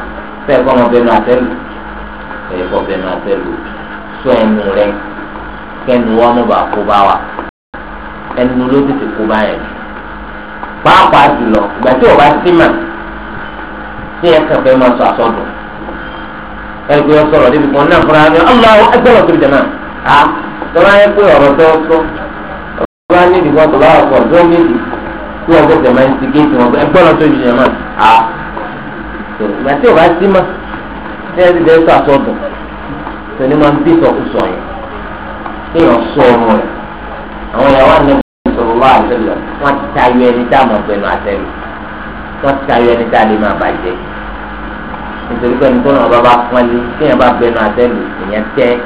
Speaker 1: fẹ́ẹ́ kọ́ ọmọ bẹnu àtẹ́lù fẹ́ẹ́ kọ́ bẹnu àtẹ́lù sọ ẹnu rẹ kẹ́nu wọn mọ̀ bá kó bá wa ẹnu ló ti ti kó bá yẹn pàápàá jùlọ ìgbà tí o bá sí mà tí ẹ kàn fẹ́ máa sọ àsọdùn ẹgbẹ́ ọ sọ̀rọ̀ débi kan náà fúnra ní ọlọ́wọ́ ẹgbẹ́ lọ síbi jẹ̀mà á tọ́lá yẹ pé ọ̀rọ̀ tó sọ ọ̀rọ̀ bá níbi kan tọ́lá ọ̀pọ̀ tó níbi tí ọ̀gbẹ́ jẹ̀mà ń ti géètì wọn ẹgbẹ́ lọ síbi jẹ̀mà á ìgbà tí o bá sí mà tí ẹ ti dẹ́ sọ àsọdùn tẹ̀lé máa ń bí sọlọ́lá àlùsọ̀lọ́ wọ́n ti tayọ ẹni tá a mọ̀ pẹ̀lú àtẹ̀lù wọ́n ti tayọ ẹni tá a lè máa bàjẹ́ nítorí pé nítorí wọn bá bá pọ́nlé kí yẹn bá bẹnu àtẹ̀lù ìyẹn tẹ́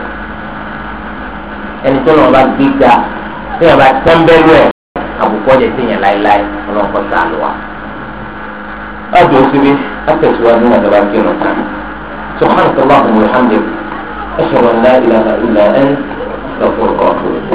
Speaker 1: ẹni tó lọ́wọ́ bá gbé ga tí yẹn bá tẹ́ńbẹ́lú ẹ̀ àbùkù ọ̀jẹ̀ sí yẹn láéláé ọlọ́kọ̀ tá a lọ wa. ọjọ́ síbi afẹ́síwájú náà dábàá kí ọ̀nà kan illa anta astaghfiruka wa